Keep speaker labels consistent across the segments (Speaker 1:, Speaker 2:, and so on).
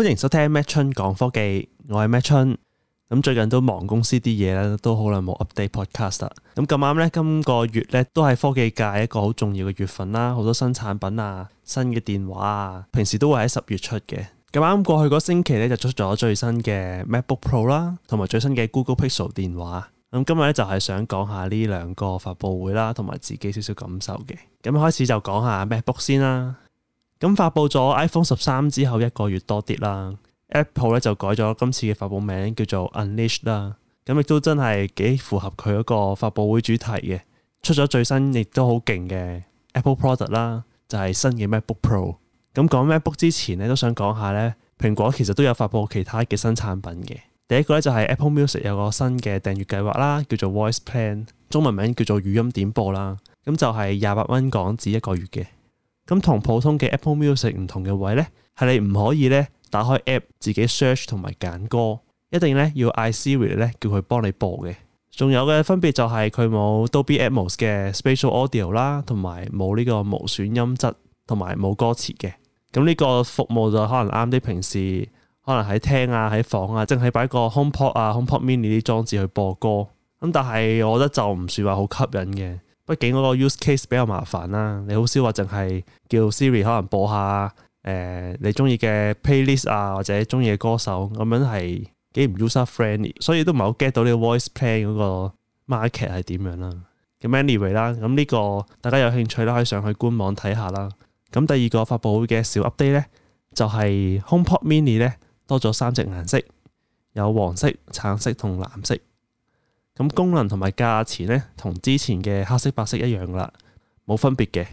Speaker 1: 歡迎收聽麥春講科技，我係麥春。咁最近都忙公司啲嘢啦，都好耐冇 update podcast。咁咁啱呢，今個月呢都係科技界一個好重要嘅月份啦，好多新產品啊、新嘅電話啊，平時都會喺十月出嘅。咁啱過去嗰星期呢，就出咗最新嘅 MacBook Pro 啦，同埋最新嘅 Google Pixel 電話。咁今日呢，就係想講下呢兩個發佈會啦，同埋自己少少感受嘅。咁開始就講下 MacBook 先啦。咁發布咗 iPhone 十三之後一個月多啲啦，Apple 咧就改咗今次嘅發布名叫做 Unleash 啦。咁亦都真係幾符合佢嗰個發布會主題嘅。出咗最新亦都好勁嘅 Apple Product 啦，就係新嘅 MacBook Pro。咁講 MacBook 之前咧，都想講下咧，蘋果其實都有發布其他嘅新產品嘅。第一個咧就係 Apple Music 有個新嘅訂閱計劃啦，叫做 Voice Plan，中文名叫做語音點播啦。咁就係廿八蚊港紙一個月嘅。咁同普通嘅 Apple Music 唔同嘅位呢，係你唔可以呢，打開 app 自己 search 同埋揀歌，一定要呢要 Siri 咧叫佢幫你播嘅。仲有嘅分別就係佢冇 Dolby Atmos 嘅 Spatial Audio 啦，同埋冇呢個無損音質，同埋冇歌詞嘅。咁呢個服務就可能啱啲，平時可能喺廳啊喺房啊，淨係擺個 HomePod 啊 HomePod Mini 啲裝置去播歌。咁但係我覺得就唔算話好吸引嘅。畢竟嗰個 use case 比較麻煩啦，你好少話淨係叫 Siri 可能播下誒、呃、你中意嘅 playlist 啊，或者中意嘅歌手咁樣，係幾唔 user friendly，所以都唔係好 get 到你個 voice plan 嗰個 market 係點樣啦。咁 anyway 啦，咁呢個大家有興趣咧，可以上去官網睇下啦。咁第二個發布會嘅小 update 咧，就係、是、HomePod Mini 咧多咗三隻顏色，有黃色、橙色同藍色。咁功能同埋價錢咧，同之前嘅黑色白色一樣啦，冇分別嘅。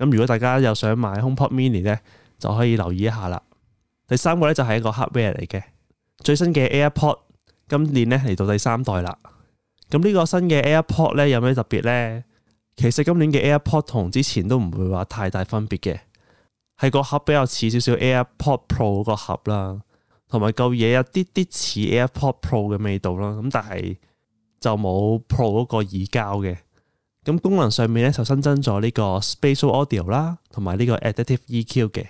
Speaker 1: 咁如果大家又想買 HomePod Mini 咧，就可以留意一下啦。第三個咧就係一個 hardware 嚟嘅，最新嘅 AirPod，今年咧嚟到第三代啦。咁呢個新嘅 AirPod 咧有咩特別咧？其實今年嘅 AirPod 同之前都唔會話太大分別嘅，係個盒比較似少少 AirPod Pro 個盒啦，同埋嚿嘢有啲啲似 AirPod Pro 嘅味道啦。咁但係，就冇 Pro 嗰個耳膠嘅，咁功能上面咧就新增咗呢個 Spatial Audio 啦，同埋呢個 Adaptive EQ 嘅。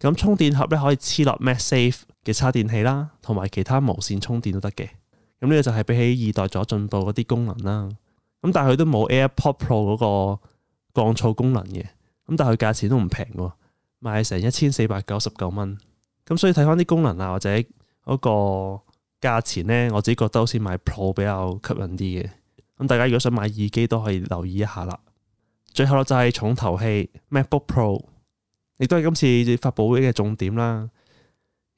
Speaker 1: 咁充電盒咧可以黐落 MagSafe 嘅插電器啦，同埋其他無線充電都得嘅。咁呢個就係比起二代咗進步嗰啲功能啦。咁但係佢都冇 AirPod Pro 嗰個降噪功能嘅。咁但係佢價錢都唔平喎，賣成一千四百九十九蚊。咁所以睇翻啲功能啊，或者嗰、那個。價錢咧，我自己覺得好似買 Pro 比較吸引啲嘅。咁大家如果想買耳機都可以留意一下啦。最後咯就係重頭戲 MacBook Pro，亦都係今次發佈會嘅重點啦。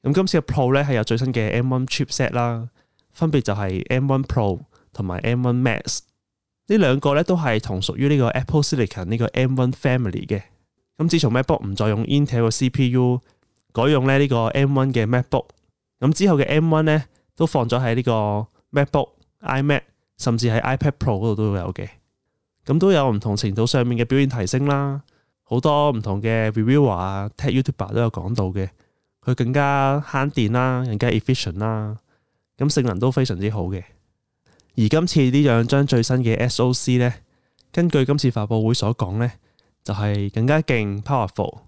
Speaker 1: 咁今次嘅 Pro 咧係有最新嘅 M1 Chipset 啦，分別就係 M1 Pro 同埋 M1 Max。呢兩個咧都係同屬於呢個 Apple Silicon 呢個 M1 Family 嘅。咁自從 MacBook 唔再用 Intel 嘅 CPU，改用咧呢個 M1 嘅 MacBook，咁之後嘅 M1 咧。都放咗喺呢個 MacBook、iMac 甚至係 iPad Pro 嗰度都會有嘅，咁都有唔同程度上面嘅表現提升啦，好多唔同嘅 reviewer 啊、Tech YouTuber 都有講到嘅，佢更加慳電啦，更加 efficient 啦，咁性能都非常之好嘅。而今次呢兩張最新嘅 SOC 咧，根據今次發布會所講咧，就係更加勁、powerful，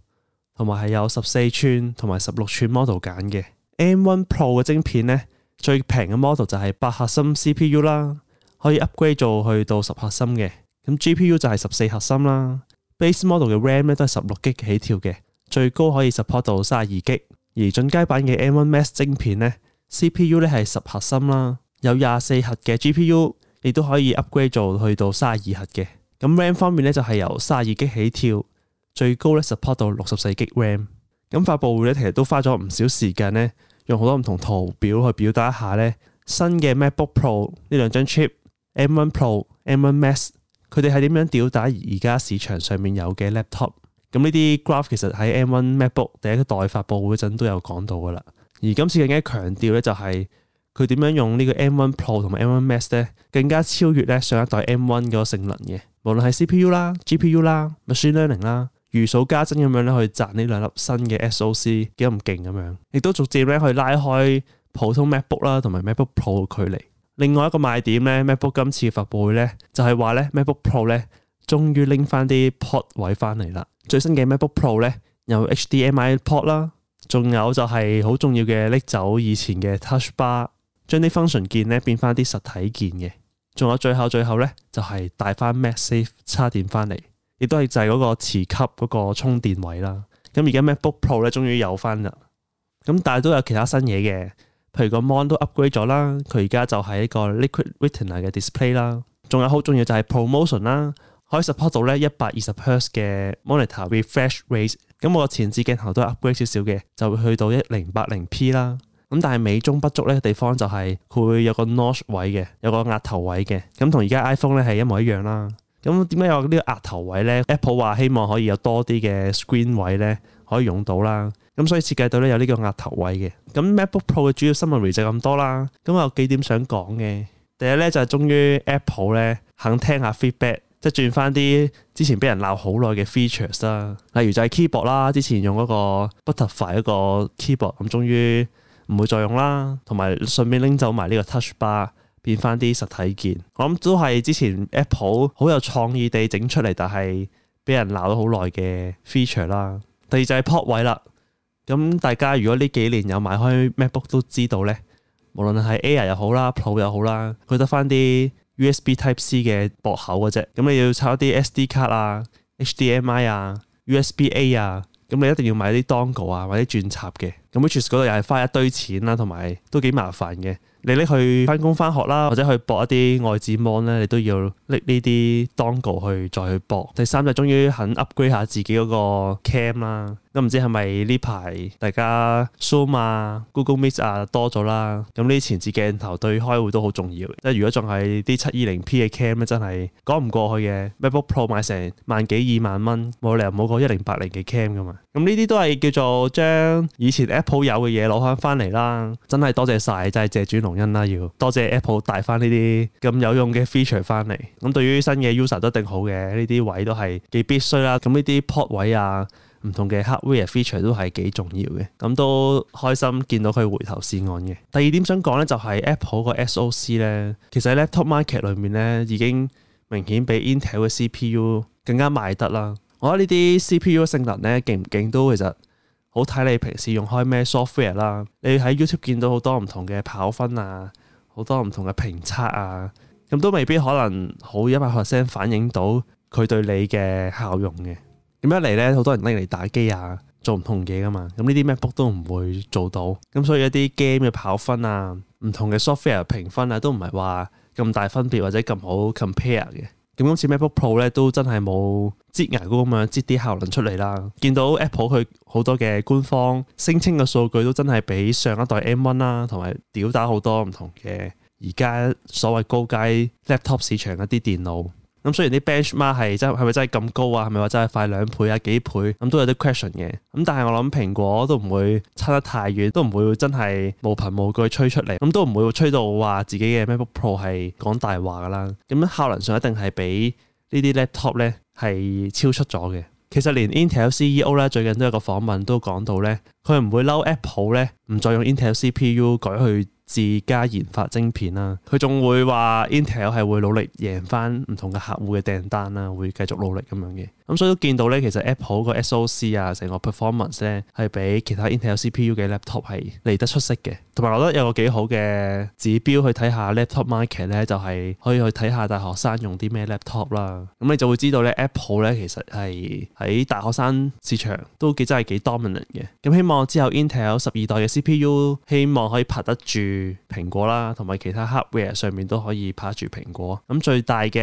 Speaker 1: 同埋係有十四寸同埋十六寸 model 揀嘅 M1 Pro 嘅晶片咧。最平嘅 model 就係八核心 CPU 啦，可以 upgrade 做去到十核心嘅。咁 GPU 就係十四核心啦。Base model 嘅 RAM 咧都係十六 G 起跳嘅，最高可以 support 到三十二 G。而進階版嘅 M1 Max 晶片咧，CPU 咧係十核心啦，有廿四核嘅 GPU，亦都可以 upgrade 做去到三十二核嘅。咁 RAM 方面咧就係、是、由三十二 G 起跳，最高咧 support 到六十四 G RAM。咁發佈會咧其實都花咗唔少時間咧。用好多唔同圖表去表達一下咧，新嘅 MacBook Pro 呢兩張 chip M1 Pro、M1 Max，佢哋係點樣吊打而家市場上面有嘅 laptop？咁呢啲 graph 其實喺 M1 MacBook 第一代發布嗰陣都有講到噶啦。而今次更加強調咧、就係，就係佢點樣用個 M M 呢個 M1 Pro 同埋 M1 Max 咧，更加超越咧上一代 M1 嗰個性能嘅，無論係 CPU 啦、GPU 啦、machine learning 啦。如數家珍咁樣咧，去賺呢兩粒新嘅 SOC，幾咁勁咁樣，亦都逐漸咧去拉開普通 MacBook 啦，同埋 MacBook Pro 嘅距離。另外一個賣點咧，MacBook 今次嘅發佈會咧，就係話咧 MacBook Pro 咧，終於拎翻啲 port 位翻嚟啦。最新嘅 MacBook Pro 咧，有 HDMI port 啦，仲有就係好重要嘅拎走以前嘅 touch bar，將啲 function 鍵咧變翻啲實體鍵嘅。仲有最後最後咧，就係帶翻 MagSafe 叉電翻嚟。亦都係就係嗰個磁吸嗰個充電位啦。咁而家 MacBook Pro 咧，終於有翻啦。咁但係都有其他新嘢嘅，譬如個 mon 都 upgrade 咗啦。佢而家就係一個 Liquid Retina 嘅 display 啦。仲有好重要就係 promotion 啦，可以 support 到咧一百二十 Hz 嘅 monitor refresh rate。咁我前置鏡頭都 upgrade 少少嘅，就會去到一零八零 p 啦。咁但係美中不足呢個地方就係，佢會有個 notch 位嘅，有個額頭位嘅。咁同而家 iPhone 咧係一模一樣啦。咁點解有呢個額頭位呢？Apple 話希望可以有多啲嘅 screen 位呢，可以用到啦。咁所以設計到呢有呢個額頭位嘅。咁 MacBook Pro 嘅主要 summary 就咁多啦。咁有幾點想講嘅？第一呢，就係、是、終於 Apple 呢肯聽下 feedback，即係轉翻啲之前俾人鬧好耐嘅 features 啦。例如就係 keyboard 啦，之前用嗰個 Butterfly 一個 keyboard，咁終於唔會再用啦。同埋順便拎走埋呢個 touch bar。變翻啲實體鍵，我諗都係之前 Apple 好有創意地整出嚟，但係俾人鬧咗好耐嘅 feature 啦。第二就係 port 位啦。咁大家如果呢幾年有買開 MacBook 都知道呢，無論係 Air 又好啦，Pro 又好啦，佢得翻啲 USB Type C 嘅埠口嘅啫。咁你要插啲 SD 卡啊、HDMI 啊、USB A 啊，咁你一定要買啲 d o n 當固啊或者轉插嘅。咁 which 嗰度又係花一堆錢啦，啊，同埋都幾麻煩嘅。你搦去返工返學啦，或者去博一啲外置 mon 咧，你都要搦呢啲 dongle 去再去博。第三就終於肯 upgrade 下自己嗰個 cam 啦。都唔知係咪呢排大家 Zoom 啊、Google Meet 啊多咗啦。咁呢前置鏡頭對開會都好重要。即係如果仲係啲七二零 P 嘅 cam 咧，真係講唔過去嘅。MacBook Pro 買成萬幾二萬蚊，冇理由冇個一零八零嘅 cam 噶嘛。咁呢啲都係叫做將以前 Apple 有嘅嘢攞翻翻嚟啦。真係多謝晒，真係謝主龍恩啦。要多謝 Apple 帶翻呢啲咁有用嘅 feature 翻嚟。咁對於新嘅 user 都一定好嘅，呢啲位都係幾必須啦。咁呢啲 port 位啊。唔同嘅 hardware feature 都係幾重要嘅，咁都開心見到佢回頭是岸嘅。第二點想講咧，就係 Apple 個 SOC 咧，其實 laptop market 裏面咧已經明顯比 Intel 嘅 CPU 更加賣得啦。我覺得呢啲 CPU 嘅性能咧勁唔勁都其實好睇你平時用開咩 software 啦。你喺 YouTube 見到好多唔同嘅跑分啊，好多唔同嘅評測啊，咁都未必可能好一百 percent 反映到佢對你嘅效用嘅。咁一嚟咧，好多人拎嚟打機啊，做唔同嘢噶嘛。咁呢啲 MacBook 都唔會做到。咁所以一啲 game 嘅跑分啊，唔同嘅 software 評分啊，都唔係話咁大分別或者咁好 compare 嘅。咁好似 MacBook Pro 咧，都真係冇擠牙膏咁樣擠啲效能出嚟啦。見到 Apple 佢好多嘅官方聲稱嘅數據都真係比上一代 M1 啦、啊，同埋屌打好多唔同嘅而家所謂高階 laptop 市場一啲電腦。咁雖然啲 benchmark 係真係咪真係咁高啊？係咪話真係快兩倍啊幾倍啊？咁都有啲 question 嘅。咁但係我諗蘋果都唔會差得太遠，都唔會真係無憑無據吹出嚟。咁都唔會吹到話自己嘅 MacBook Pro 係講大話㗎啦。咁效能上一定係比呢啲 laptop 咧係超出咗嘅。其實連 Intel CEO 咧最近都有個訪問都講到咧，佢唔會嬲 Apple 咧唔再用 Intel CPU 改去自家研發晶片啦，佢仲會話 Intel 係會努力贏翻唔同嘅客戶嘅訂單啦，會繼續努力咁樣嘅。咁、嗯、所以都見到咧，其實 Apple 個 SOC 啊，成個 performance 咧係比其他 Intel CPU 嘅 laptop 係嚟得出色嘅。同埋我覺得有個幾好嘅指標去睇下 laptop market 咧，就係、是、可以去睇下大學生用啲咩 laptop 啦。咁、嗯、你就會知道咧，Apple 咧其實係喺大學生市場都幾真係幾 dominant 嘅。咁、嗯、希望之後 Intel 十二代嘅 CPU 希望可以拍得住蘋果啦，同埋其他 hardware 上面都可以拍住蘋果。咁最大嘅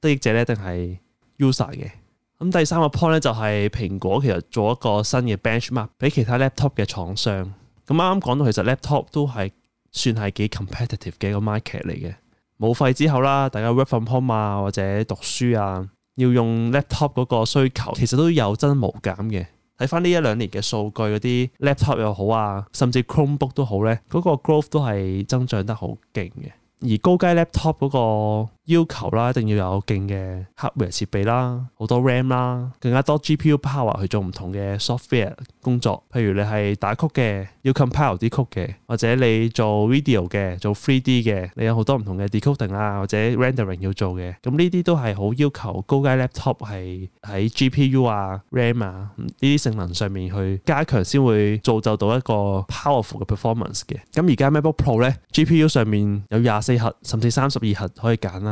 Speaker 1: 得益者咧，一定係 user 嘅。咁第三個 point 咧，就係蘋果其實做一個新嘅 benchmark，俾其他 laptop 嘅廠商。咁啱啱講到，其實 laptop 都係算係幾 competitive 嘅一個 market 嚟嘅。冇費之後啦，大家 work from home 啊，或者讀書啊，要用 laptop 嗰個需求，其實都有增無減嘅。睇翻呢一兩年嘅數據，嗰啲 laptop 又好啊，甚至 Chromebook 都好咧，嗰個 growth 都係增長得好勁嘅，而高階 laptop 嗰個。要求啦，一定要有勁嘅 hardware 設備啦，好多 RAM 啦，更加多 GPU power 去做唔同嘅 software 工作。譬如你係打曲嘅，要 compile 啲曲嘅，或者你做 video 嘅，做 3D 嘅，你有好多唔同嘅 decoding 啊，或者 rendering 要做嘅。咁呢啲都係好要求高階 laptop 係喺 GPU 啊、RAM 啊呢啲性能上面去加強先會造就到一個 powerful 嘅 performance 嘅。咁而家 MacBook Pro 咧，GPU 上面有廿四核甚至三十二核可以揀啦。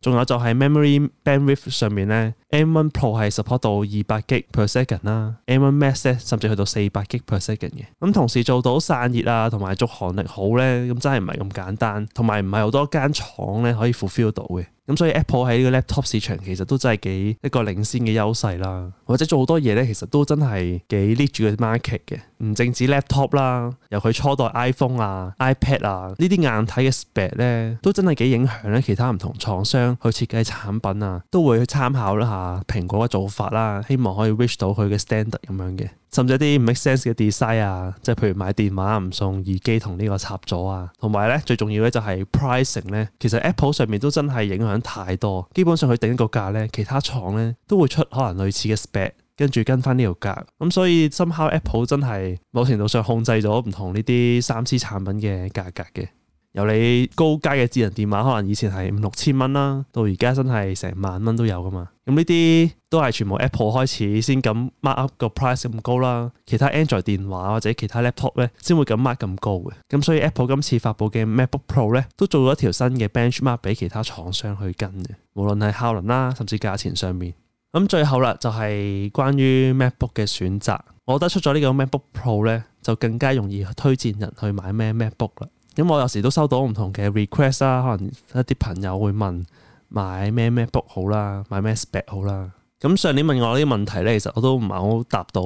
Speaker 1: 仲有就係 memory bandwidth 上面咧，M1 Pro 係 support 到二百 G per second 啦，M1 Max 咧甚至去到四百 G per second 嘅。咁同時做到散熱啊，同埋續航力好咧，咁真係唔係咁簡單，同埋唔係好多間廠咧可以 fulfill 到嘅。咁所以 Apple 喺呢個 laptop 市場其實都真係幾一個領先嘅優勢啦，或者做好多嘢咧，其實都真係幾 lead 住個 market 嘅。唔淨止 laptop 啦，由佢初代 iPhone 啊、iPad 啊呢啲硬體嘅 spec 咧，都真係幾影響咧其他唔同廠商。去設計產品啊，都會去參考一下蘋果嘅做法啦，希望可以 reach 到佢嘅 standard 咁樣嘅，甚至一啲唔 make sense 嘅 design 啊，即係譬如買電話唔送耳機同呢個插座啊，同埋咧最重要咧就係 pricing 咧，其實 Apple 上面都真係影響太多，基本上佢定一個價咧，其他廠咧都會出可能類似嘅 spec，跟住跟翻呢條價，咁所以 somehow Apple 真係某程度上控制咗唔同呢啲三 C 產品嘅價格嘅。由你高階嘅智能電話，可能以前係五六千蚊啦，到而家真係成萬蚊都有噶嘛。咁呢啲都係全部 Apple 開始先咁 mark up 個 price 咁高啦。其他 Android 電話或者其他 laptop 咧，先會咁 mark 咁高嘅。咁所以 Apple 今次發佈嘅 MacBook Pro 咧，都做咗一條新嘅 benchmark 俾其他廠商去跟嘅。無論係效能啦，甚至價錢上面。咁最後啦，就係關於 MacBook 嘅選擇，我覺得出咗呢個 MacBook Pro 咧，就更加容易推薦人去買咩 MacBook 啦。咁我有時都收到唔同嘅 request 啦，可能一啲朋友會問買咩 MacBook 好啦，買咩 spec 好啦。咁上年問我呢啲問題咧，其實我都唔係好答到，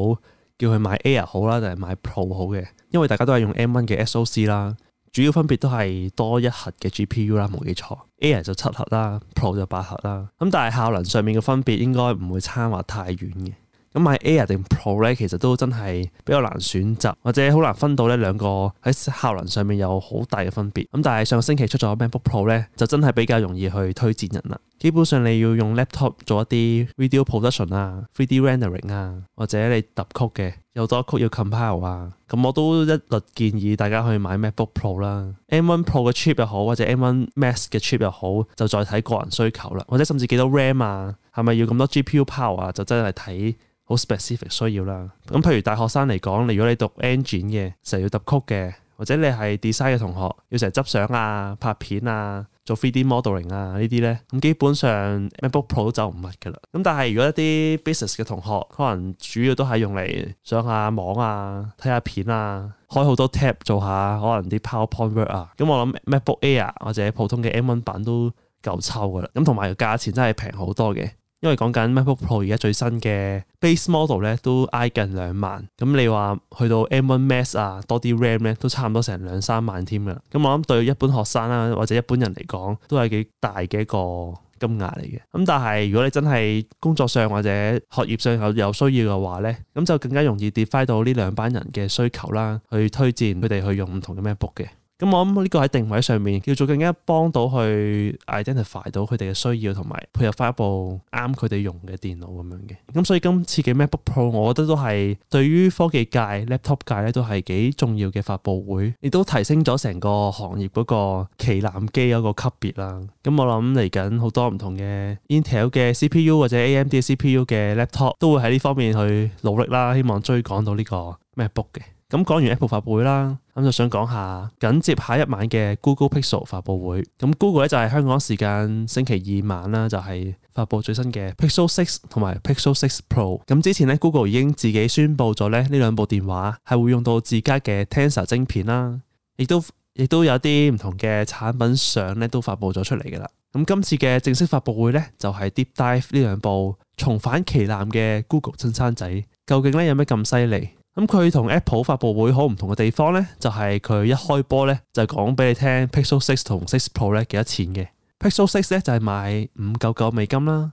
Speaker 1: 叫佢買 Air 好啦，定係買 Pro 好嘅。因為大家都係用 M1 嘅 SOC 啦，主要分別都係多一核嘅 GPU 啦，冇記錯 Air 就七核啦，Pro 就八核啦。咁但係效能上面嘅分別應該唔會差話太遠嘅。咁買 Air 定 Pro 咧，其實都真係比較難選擇，或者好難分到呢兩個喺效能上面有好大嘅分別。咁但係上個星期出咗 MacBook Pro 咧，就真係比較容易去推薦人啦。基本上你要用 laptop 做一啲 video production 啊、3D rendering 啊，或者你揼曲嘅，有多曲要 compile 啊，咁我都一律建議大家去買 MacBook Pro 啦。M1 Pro 嘅 chip 又好，或者 M1 Max 嘅 chip 又好，就再睇個人需求啦，或者甚至幾多 RAM 啊。係咪要咁多 GPU power 啊？就真係睇好 specific 需要啦。咁譬如大學生嚟講，你如果你讀 engine 嘅，成日要揼曲嘅，或者你係 design 嘅同學，要成日執相啊、拍片啊、做 three d m o d e l i n g 啊呢啲咧，咁基本上 MacBook Pro 就唔物㗎啦。咁但係如果一啲 b u s i n e s s 嘅同學，可能主要都係用嚟上下網啊、睇下片啊、開好多 tab 做下可能啲 PowerPoint 啊，咁我諗 MacBook Air 或者普通嘅 M1 版都夠抽㗎啦。咁同埋價錢真係平好多嘅。因為講緊 MacBook Pro 而家最新嘅 Base Model 咧都挨近兩萬，咁你話去到 M1 Max 啊，多啲 RAM 咧都差唔多成兩三萬添㗎啦。咁我諗對一般學生啦、啊、或者一般人嚟講都係幾大嘅一個金額嚟嘅。咁但係如果你真係工作上或者學業上有有需要嘅話咧，咁就更加容易 define 到呢兩班人嘅需求啦，去推薦佢哋去用唔同嘅 MacBook 嘅。咁我諗呢個喺定位上面，叫做更加幫到去 identify 到佢哋嘅需要，同埋配合翻一部啱佢哋用嘅電腦咁樣嘅。咁所以今次嘅 MacBook Pro，我覺得都係對於科技界、laptop 界咧，都係幾重要嘅發布會，亦都提升咗成個行業嗰個旗艦機嗰個級別啦。咁我諗嚟緊好多唔同嘅 Intel 嘅 CPU 或者 AMD 嘅 CPU 嘅 laptop 都會喺呢方面去努力啦，希望追趕到呢個 MacBook 嘅。咁講完 Apple 發布會啦，咁就想講下緊接下一晚嘅 Google Pixel 發布會。咁 Google 咧就係香港時間星期二晚啦，就係發布最新嘅 Pixel 6同埋 Pixel 6 Pro。咁之前咧 Google 已經自己宣布咗咧呢兩部電話係會用到自家嘅 Tensor 晶片啦，亦都亦都有啲唔同嘅產品相咧都發布咗出嚟噶啦。咁今次嘅正式發布會咧就係 Deep Dive 呢兩部重返旗艦嘅 Google 親生仔，究竟咧有咩咁犀利？咁佢同 Apple 發布會好唔同嘅地方呢，就係佢一開波呢，就係講俾你聽 Pixel Six 同 Six Pro 呢幾多錢嘅 Pixel Six 呢就係買五九九美金啦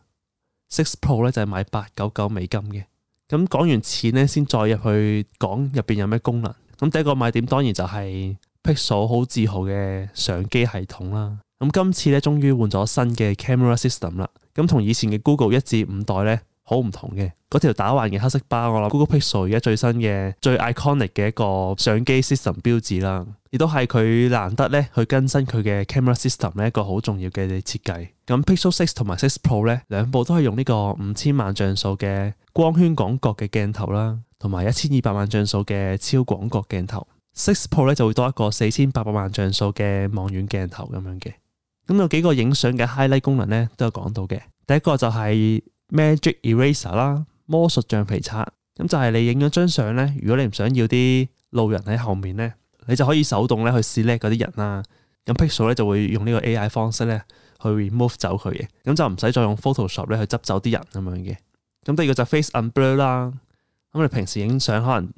Speaker 1: ，Six Pro 呢就係買八九九美金嘅。咁講完錢呢，先再入去講入邊有咩功能。咁第一個賣點當然就係 Pixel 好自豪嘅相機系統啦。咁今次呢，終於換咗新嘅 Camera System 啦。咁同以前嘅 Google 一至五代呢，好唔同嘅嗰條打橫嘅黑色包，我諗 Google Pixel 而家最新嘅最 iconic 嘅一個相機 system 標誌啦，亦都係佢難得咧去更新佢嘅 camera system 呢一個好重要嘅設計。咁 Pixel Six 同埋 Six Pro 呢兩部都係用呢個五千萬像素嘅光圈廣角嘅鏡頭啦，同埋一千二百萬像素嘅超廣角鏡頭。Six Pro 咧就會多一個四千八百萬像素嘅望遠鏡頭咁樣嘅。咁有幾個影相嘅 highlight 功能呢都有講到嘅，第一個就係、是。Magic Eraser 啦，魔術橡皮擦，咁就係你影咗張相咧，如果你唔想要啲路人喺後面咧，你就可以手動咧去撕裂嗰啲人啦，咁 Pixel 咧就會用呢個 AI 方式咧去 remove 走佢嘅，咁就唔使再用 Photoshop 咧去執走啲人咁樣嘅。咁第二個就 Face Unblur 啦，咁你平時影相可能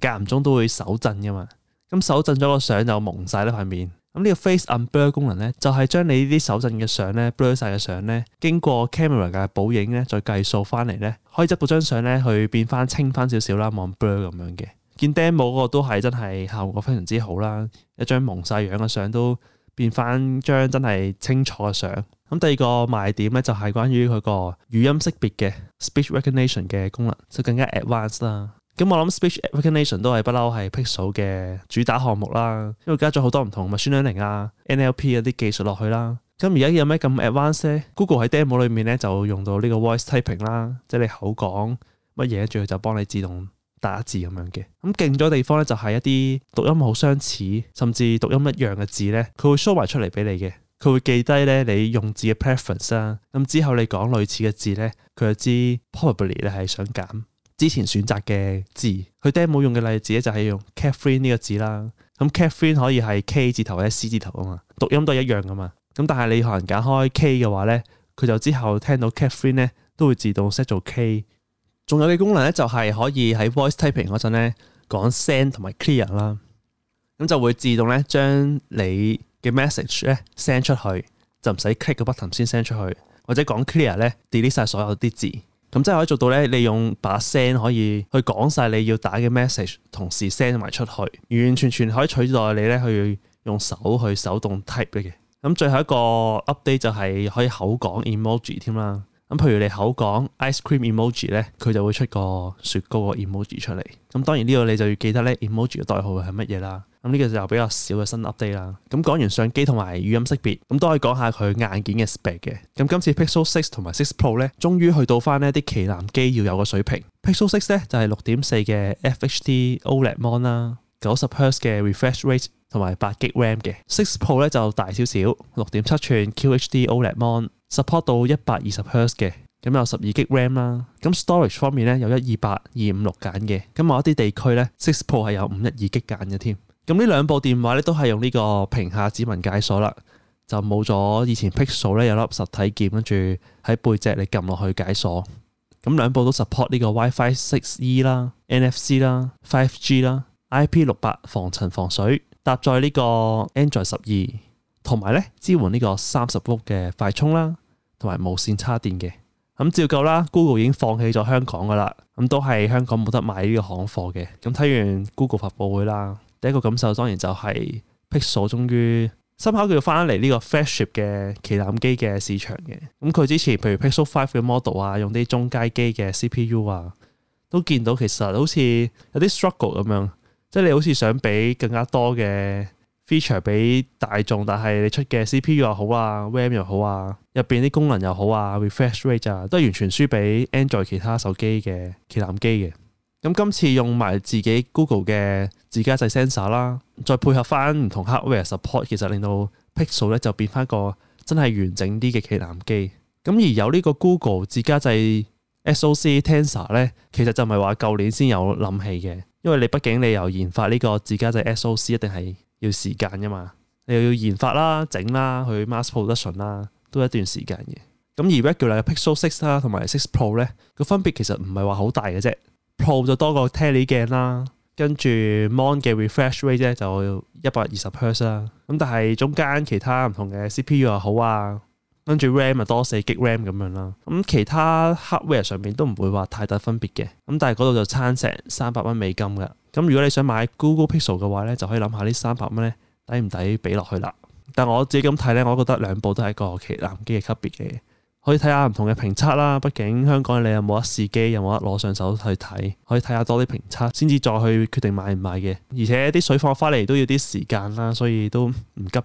Speaker 1: 間唔中都會手震噶嘛，咁手震咗個相就蒙晒呢塊面。咁呢個 face unblur 功能咧，就係、是、將你啲手震嘅相咧，blur 晒嘅相咧，經過 camera 嘅補影咧，再計數翻嚟咧，可以執到張相咧，去變翻清翻少少啦，望 blur 咁樣嘅。見 demo 嗰個都係真係效果非常之好啦，一張蒙晒樣嘅相都變翻張真係清楚嘅相。咁、嗯、第二個賣點咧，就係、是、關於佢個語音識別嘅 speech recognition 嘅功能，就更加 advanced 啦。咁我諗 speech application 都係不嬲係 Pixel 嘅主打項目啦，因為加咗好多唔同，咪 machine learning 啊 NLP 嗰啲技術落去啦。咁而家有咩咁 advanced？Google 喺 demo 裏面咧就用到呢個 voice typing 啦，即係你口講乜嘢，最後就幫你自動打字咁樣嘅。咁勁咗地方咧就係一啲讀音好相似，甚至讀音一樣嘅字咧，佢會 show 埋出嚟俾你嘅。佢會記低咧你用字嘅 preference 啦。咁之後你講類似嘅字咧，佢就知 probably 你係想揀之前選擇嘅字，佢 dead 冇用嘅例子咧就係用 caffeine 呢個字啦。咁 caffeine 可以係 K 字頭或者 C 字頭啊嘛，讀音都係一樣噶嘛。咁但係你學人揀開 K 嘅話咧，佢就之後聽到 caffeine 咧都會自動 set 做 K。仲有嘅功能咧就係可以喺 voice typing 嗰陣咧講 send 同埋 clear 啦，咁就會自動咧將你嘅 message 咧 send 出去，就唔使 kick 個筆頭先 send 出去，或者講 clear 咧 delete 晒所有啲字。咁即係可以做到咧，你用把聲可以去講晒你要打嘅 message，同時 send 埋出去，完完全全可以取代你咧去用手去手動 type 嘅。咁最後一個 update 就係可以口講 emoji 添啦。咁譬如你口講 ice cream emoji 咧，佢就會出個雪糕個 emoji 出嚟。咁當然呢個你就要記得咧 emoji 嘅代號係乜嘢啦。咁呢個就比較少嘅新 update 啦。咁講完相機同埋語音識別，咁都可以講下佢硬件嘅 spec 嘅。咁今次 Pixel 6同埋6 Pro 咧，終於去到翻呢啲旗艦機要有嘅水平。Pixel 6咧就係六點四嘅 FHD OLED mon 啦，九十赫茲嘅 refresh rate 同埋八 GB RAM 嘅。6 Pro 咧就大少少，六點七吋 QHD OLED mon，support 到一百二十赫茲嘅，咁有十二 GB RAM 啦。咁 storage 方面咧有一二八、二五六揀嘅，咁某一啲地區咧6 Pro 係有五一二 GB 揀嘅添。咁呢兩部電話咧都係用呢個屏下指紋解鎖啦，就冇咗以前 Pixel 咧有粒實體鍵，跟住喺背脊你撳落去解鎖。咁兩部都 support 呢個 WiFi Six E 啦、NFC 啦、Five G 啦、IP 六八防塵防水，搭載個12，呢個 Android 十二，同埋咧支援呢個三十伏嘅快充，充啦，同埋無線插電嘅。咁照舊啦，Google 已經放棄咗香港噶啦，咁都係香港冇得買呢個行貨嘅。咁睇完 Google 發布會啦。第一個感受當然就係 Pixel 終於，深好佢翻嚟呢個 flagship 嘅旗艦機嘅市場嘅。咁佢之前譬如 Pixel Five 嘅 model 啊，用啲中階機嘅 CPU 啊，都見到其實好似有啲 struggle 咁樣，即係你好似想俾更加多嘅 feature 俾大眾，但係你出嘅 CPU 又好啊，RAM 又好啊，入邊啲功能又好啊，refresh rate 啊，都係完全輸俾 Android 其他手機嘅旗艦機嘅。咁今次用埋自己 Google 嘅自家製 sensor 啦，再配合翻唔同 hardware support，其實令到 Pixel 咧就變翻個真係完整啲嘅旗艦機。咁而有呢個 Google 自家製 SOC Tensor 咧，其實就唔係話舊年先有諗起嘅，因為你畢竟你由研發呢個自家製 SOC 一定係要時間㗎嘛，你又要研發啦、整啦、去 mask s p 鋪得順啦，都一段時間嘅。咁而 r e g u l a r 嘅 Pixel Six 啦，同埋 Six Pro 咧，個分別其實唔係話好大嘅啫。Pro 就多過 Telly 鏡啦，跟住 Mon 嘅 refresh rate 咧就一百二十 Hz 啦，咁但係中間其他唔同嘅 CPU 又好啊，跟住 RAM 啊多四 G RAM 咁樣啦，咁其他 hardware 上面都唔會話太大分別嘅，咁但係嗰度就差成三百蚊美金嘅，咁如果你想買 Google Pixel 嘅話咧，就可以諗下呢三百蚊咧抵唔抵俾落去啦，但我自己咁睇咧，我覺得兩部都係一個旗艦機嘅級別嘅。可以睇下唔同嘅評測啦。畢竟香港你又冇得試機，又冇得攞上手去睇，可以睇下多啲評測先至再去決定買唔買嘅。而且啲水貨翻嚟都要啲時間啦，所以都唔急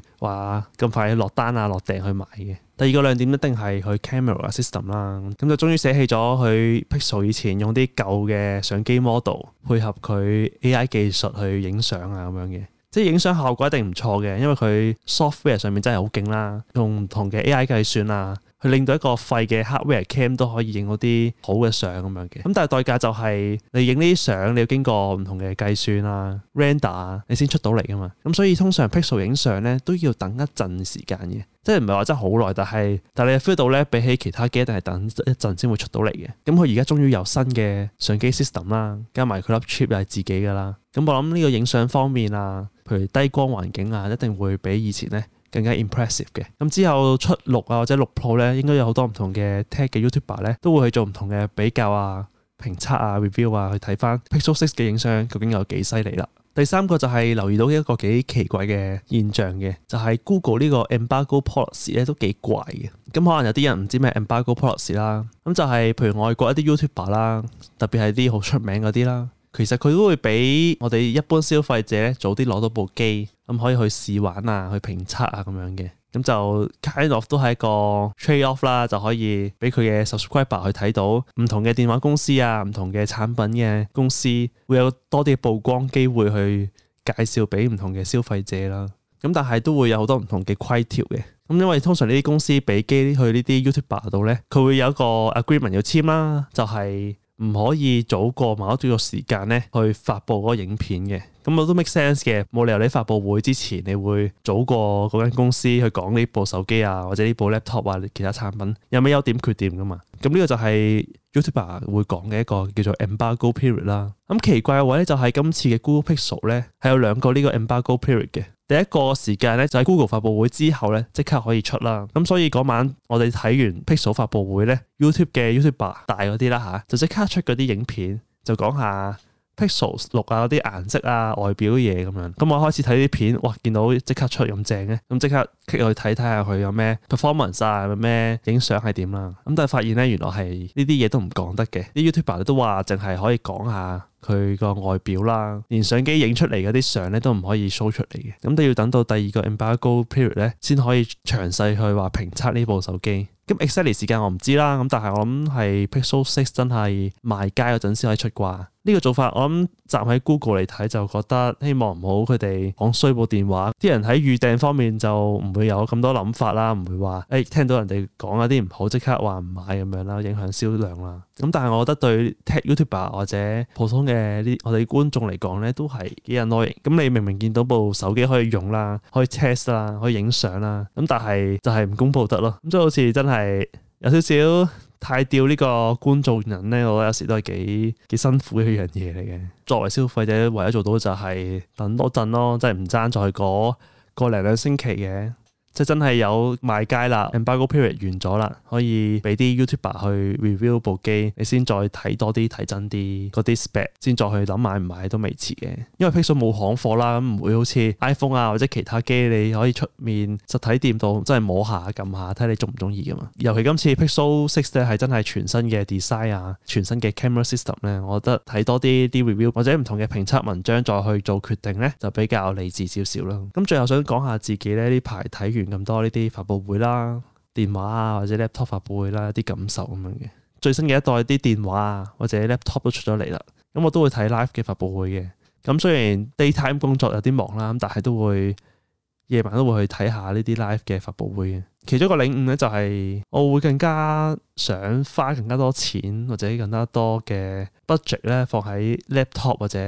Speaker 1: 住話咁快落單啊、落訂去買嘅。第二個亮點一定係佢 camera system 啦，咁就終於捨棄咗佢 Pixel 以前用啲舊嘅相機 model 配合佢 AI 技術去影相啊咁樣嘅，即係影相效果一定唔錯嘅，因為佢 software 上面真係好勁啦，用唔同嘅 AI 計算啊。佢令到一個廢嘅 hardware cam 都可以影到啲好嘅相咁樣嘅，咁但係代價就係你影呢啲相，你要經過唔同嘅計算啦、啊、render 啊，你先出到嚟啊嘛。咁所以通常 Pixel 影相咧都要等一陣時間嘅，即係唔係話真係好耐，但係但係你 feel 到咧，比起其他機一定係等一陣先會出到嚟嘅。咁佢而家終於有新嘅相機 system、啊、啦，加埋佢粒 chip 又係自己噶啦。咁我諗呢個影相方面啊，譬如低光環境啊，一定會比以前咧。更加 impressive 嘅，咁之後出六啊或者六 Pro 咧，應該有好多唔同嘅 tech 嘅 YouTuber 咧，都會去做唔同嘅比較啊、評測啊、review 啊，去睇翻 Pixel 6嘅影相究竟有幾犀利啦。第三個就係留意到一個幾奇怪嘅現象嘅，就係 Google 呢個 Embargo Policy 咧都幾怪嘅。咁可能有啲人唔知咩 Embargo Policy 啦，咁就係譬如外國一啲 YouTuber 啦，特別係啲好出名嗰啲啦。其實佢都會俾我哋一般消費者早啲攞到部機，咁可以去試玩啊，去評測啊咁樣嘅，咁就 kind of 都係一個 trade off 啦，就可以俾佢嘅 subscriber 去睇到唔同嘅電話公司啊，唔同嘅產品嘅公司會有多啲曝光機會去介紹俾唔同嘅消費者啦。咁但係都會有好多唔同嘅規條嘅，咁因為通常呢啲公司俾機去呢啲 YouTuber 度呢，佢會有一個 agreement 要簽啦，就係、是。唔可以早過某一個叫做時間咧，去發布嗰個影片嘅，咁我都 make sense 嘅，冇理由你發佈會之前，你會早過嗰間公司去講呢部手機啊，或者呢部 laptop 啊，其他產品有咩優點缺點㗎嘛，咁呢個就係 YouTuber 會講嘅一個叫做 embargo period 啦。咁奇怪嘅位咧，就係今次嘅 Google Pixel 咧，係有兩個呢個 embargo period 嘅。第一個時間咧，就喺 Google 發布會之後咧，即刻可以出啦，咁所以嗰晚我哋睇完 Pixel 發布會咧，YouTube 嘅 YouTuber 大嗰啲啦吓，啊，就即刻出嗰啲影片，就講下 Pixel 六啊啲顏色啊外表、嘢咁樣。咁我開始睇啲片，哇，見到即刻出咁正咧，咁即刻去睇睇下佢有咩 performance 啊，有咩影相係點啦。咁但係發現咧，原來係呢啲嘢都唔講得嘅，啲 YouTuber 都話淨係可以講下。佢個外表啦，連相機影出嚟嗰啲相咧都唔可以 show 出嚟嘅，咁都要等到第二個 embargo period 咧先可以詳細去話評測呢部手機。咁 exactly 時間我唔知啦，咁但係我諗係 Pixel 6真係賣街嗰陣先可以出啩。呢個做法我諗。站喺 Google 嚟睇就覺得希望唔好佢哋講衰部電話，啲人喺預訂方面就唔會有咁多諗法啦，唔會話誒、欸、聽到人哋講嗰啲唔好即刻話唔買咁樣啦，影響銷量啦。咁、嗯、但係我覺得對 Tech YouTuber 或者普通嘅呢我哋觀眾嚟講呢，都係幾忍耐。咁、嗯、你明明見到部手機可以用啦，可以 test 啦，可以影相啦，咁但係就係唔公佈得咯。咁即係好似真係有少少。太吊呢個觀眾人咧，我覺得有時都係幾幾辛苦嘅一樣嘢嚟嘅。作為消費者，唯一做到就係等多陣咯，即係唔爭在嗰個零兩星期嘅。即真係有賣街啦，embargo period 完咗啦，可以俾啲 YouTuber 去 review 部機，你先再睇多啲睇真啲嗰啲 spec，先再去諗買唔買都未遲嘅。因為 Pixel 冇行貨啦，咁唔會好似 iPhone 啊或者其他機你可以出面實體店度真係摸下撳下睇你中唔中意㗎嘛？尤其今次 Pixel 6咧係真係全新嘅 design 啊，全新嘅 camera system 咧，我覺得睇多啲啲 review 或者唔同嘅評測文章再去做決定咧，就比較理智少少啦。咁最後想講下自己咧呢排睇完。咁多呢啲發佈會啦，電話啊或者 laptop 發佈會啦，啲感受咁樣嘅。最新嘅一代啲電話啊或者 laptop 都出咗嚟啦，咁我都會睇 live 嘅發佈會嘅。咁雖然 daytime 工作有啲忙啦，咁但係都會夜晚都會去睇下呢啲 live 嘅發佈會嘅。其中一個領悟咧就係我會更加想花更加多錢或者更加多嘅 budget 咧放喺 laptop 或者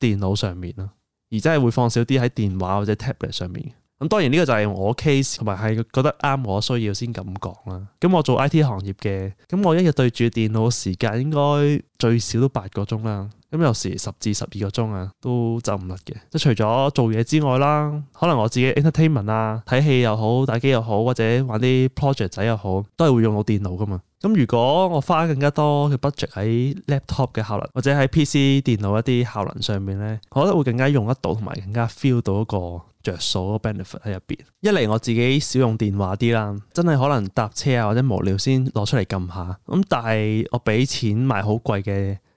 Speaker 1: 電腦上面咯，而真係會放少啲喺電話或者 tablet 上面。咁當然呢個就係我嘅 case，同埋係覺得啱我需要先咁講啦。咁我做 IT 行業嘅，咁我一日對住電腦嘅時間應該最少都八個鐘啦。咁有時十至十二個鐘啊，都走唔甩嘅。即除咗做嘢之外啦，可能我自己 entertainment 啊、睇戲又好、打機又好，或者玩啲 project 仔又好，都係會用到電腦噶嘛。咁如果我花更加多嘅 budget 喺 laptop 嘅效能，或者喺 PC 電腦一啲效能上面呢，我覺得會更加用得到同埋更加 feel 到一個著數嘅 benefit 喺入邊。一嚟我自己少用電話啲啦，真係可能搭車啊或者無聊先攞出嚟撳下。咁但係我俾錢買好貴嘅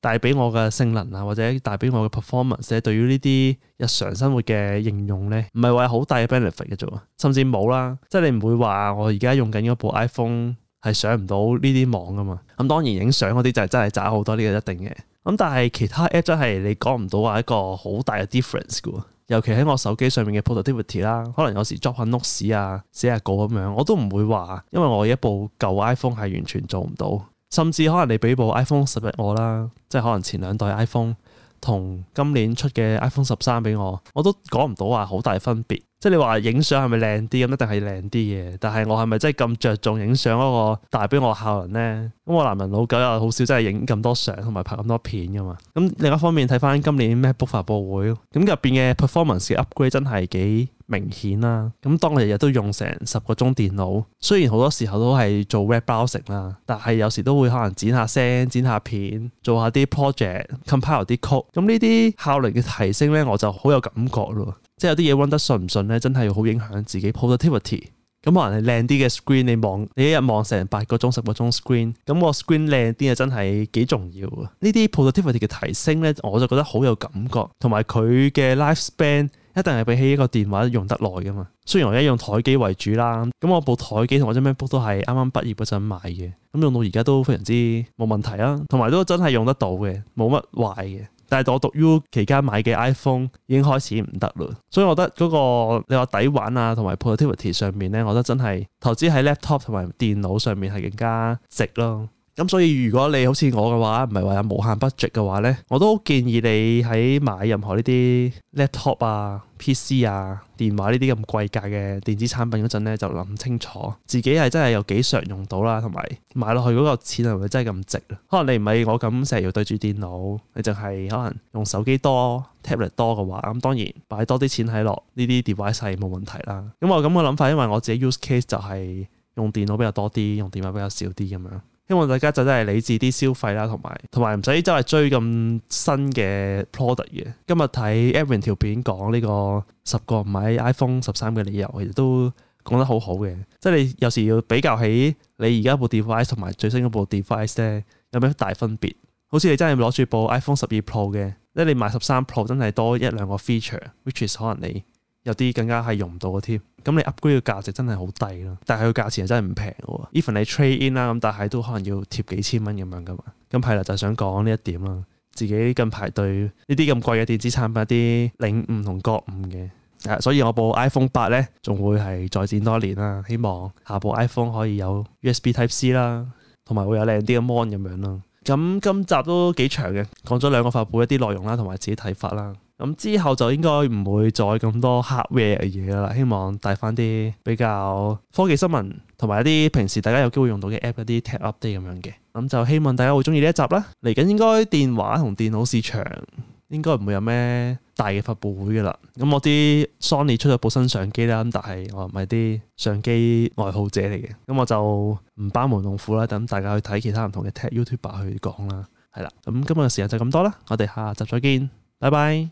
Speaker 1: 帶俾我嘅性能啊，或者帶俾我嘅 performance，對於呢啲日常生活嘅應用呢，唔係話有好大嘅 benefit 嘅啫喎，甚至冇啦，即係你唔會話我而家用緊嗰部 iPhone 係上唔到呢啲網噶嘛。咁、嗯、當然影相嗰啲就係真係渣好多，呢個一定嘅。咁、嗯、但係其他 app 真係你講唔到話一個好大嘅 difference 嘅喎。尤其喺我手機上面嘅 productivity 啦，可能有時作下 notes 啊、寫下稿咁樣，我都唔會話，因為我一部舊 iPhone 係完全做唔到。甚至可能你俾部 iPhone 十一我啦，即係可能前兩代 iPhone 同今年出嘅 iPhone 十三俾我，我都講唔到話好大分別。即係你話影相係咪靚啲咁，一定係靚啲嘅。但係我係咪真係咁着重影相嗰個帶俾我效能呢？咁我男人老狗又好少真係影咁多相同埋拍咁多片噶嘛。咁另一方面睇翻今年 MacBook 發佈會，咁入邊嘅 performance upgrade 真係幾。明顯啦，咁當我日日都用成十個鐘電腦，雖然好多時候都係做 w e b a l a n c 啦，但係有時都會可能剪下聲、剪下片、做一下啲 project、compile 啲 code，咁呢啲效能嘅提升呢，我就好有感覺咯。即係有啲嘢溫得順唔順呢，真係好影響自己 positivity。咁、嗯、可能係靚啲嘅 screen，你望你，你一日望成八個鐘、十個鐘 screen，咁個 screen 靚啲嘅真係幾重要。呢啲 positivity 嘅提升呢，我就覺得好有感覺，同埋佢嘅 lifespan。一定係比起一個電話用得耐噶嘛，雖然我而家用台機為主啦，咁我部台機同我張 MacBook 都係啱啱畢業嗰陣買嘅，咁用到而家都非常之冇問題啊，同埋都真係用得到嘅，冇乜壞嘅。但係我讀 U 期間買嘅 iPhone 已經開始唔得咯，所以我覺得嗰個你話抵玩啊，同埋 productivity 上面咧，我覺得真係投資喺 laptop 同埋電腦上面係更加值咯。咁所以如果你好似我嘅話，唔係話有無限 budget 嘅話呢，我都建議你喺買任何呢啲 laptop 啊、PC 啊、電話呢啲咁貴價嘅電子產品嗰陣呢，就諗清楚自己係真係有幾常用到啦，同埋買落去嗰個錢係咪真係咁值。可能你唔係我咁成日要對住電腦，你淨係可能用手機多、tablet 多嘅話，咁當然擺多啲錢喺落呢啲 device 係冇問題啦。咁我咁嘅諗法，因為我自己 use case 就係用電腦比較多啲，用電話比較少啲咁樣。希望大家就真係理智啲消費啦，同埋同埋唔使周圍追咁新嘅 product 嘅。今日睇 Aaron 條片講呢個十個唔買 iPhone 十三嘅理由，其實都講得好好嘅。即係你有時要比較起你而家部 device 同埋最新嗰部 device 咧，有咩大分別？好似你真係攞住部 iPhone 十二 Pro 嘅，即係你買十三 Pro 真係多一兩個 feature，which is 可能你。有啲更加係用唔到嘅添，咁你 upgrade 嘅價值真係好低咯。但係佢價錢真係唔平喎。even 你 trade in 啦，咁但係都可能要貼幾千蚊咁樣噶嘛。咁係啦，就想講呢一點啦。自己近排對呢啲咁貴嘅電子產品啲領悟同覺悟嘅，所以我部 iPhone 八呢，仲會係再戰多年啦。希望下部 iPhone 可以有 USB Type C 啦，同埋會有靚啲嘅 mon 咁樣咯。咁今集都幾長嘅，講咗兩個發佈一啲內容啦，同埋自己睇法啦。咁之後就應該唔會再咁多 hardware 嘅嘢啦，希望帶翻啲比較科技新聞同埋一啲平時大家有機會用到嘅 app 一啲 tech update 咁樣嘅。咁、嗯、就希望大家會中意呢一集啦。嚟緊應該電話同電腦市場應該唔會有咩大嘅發布會噶啦。咁、嗯、我啲 Sony 出咗部新相機啦，但係我唔係啲相機愛好者嚟嘅，咁、嗯、我就唔班門弄斧啦，等大家去睇其他唔同嘅 tech youtuber 去講啦。係、嗯、啦，咁今日嘅時間就咁多啦，我哋下集再見，拜拜。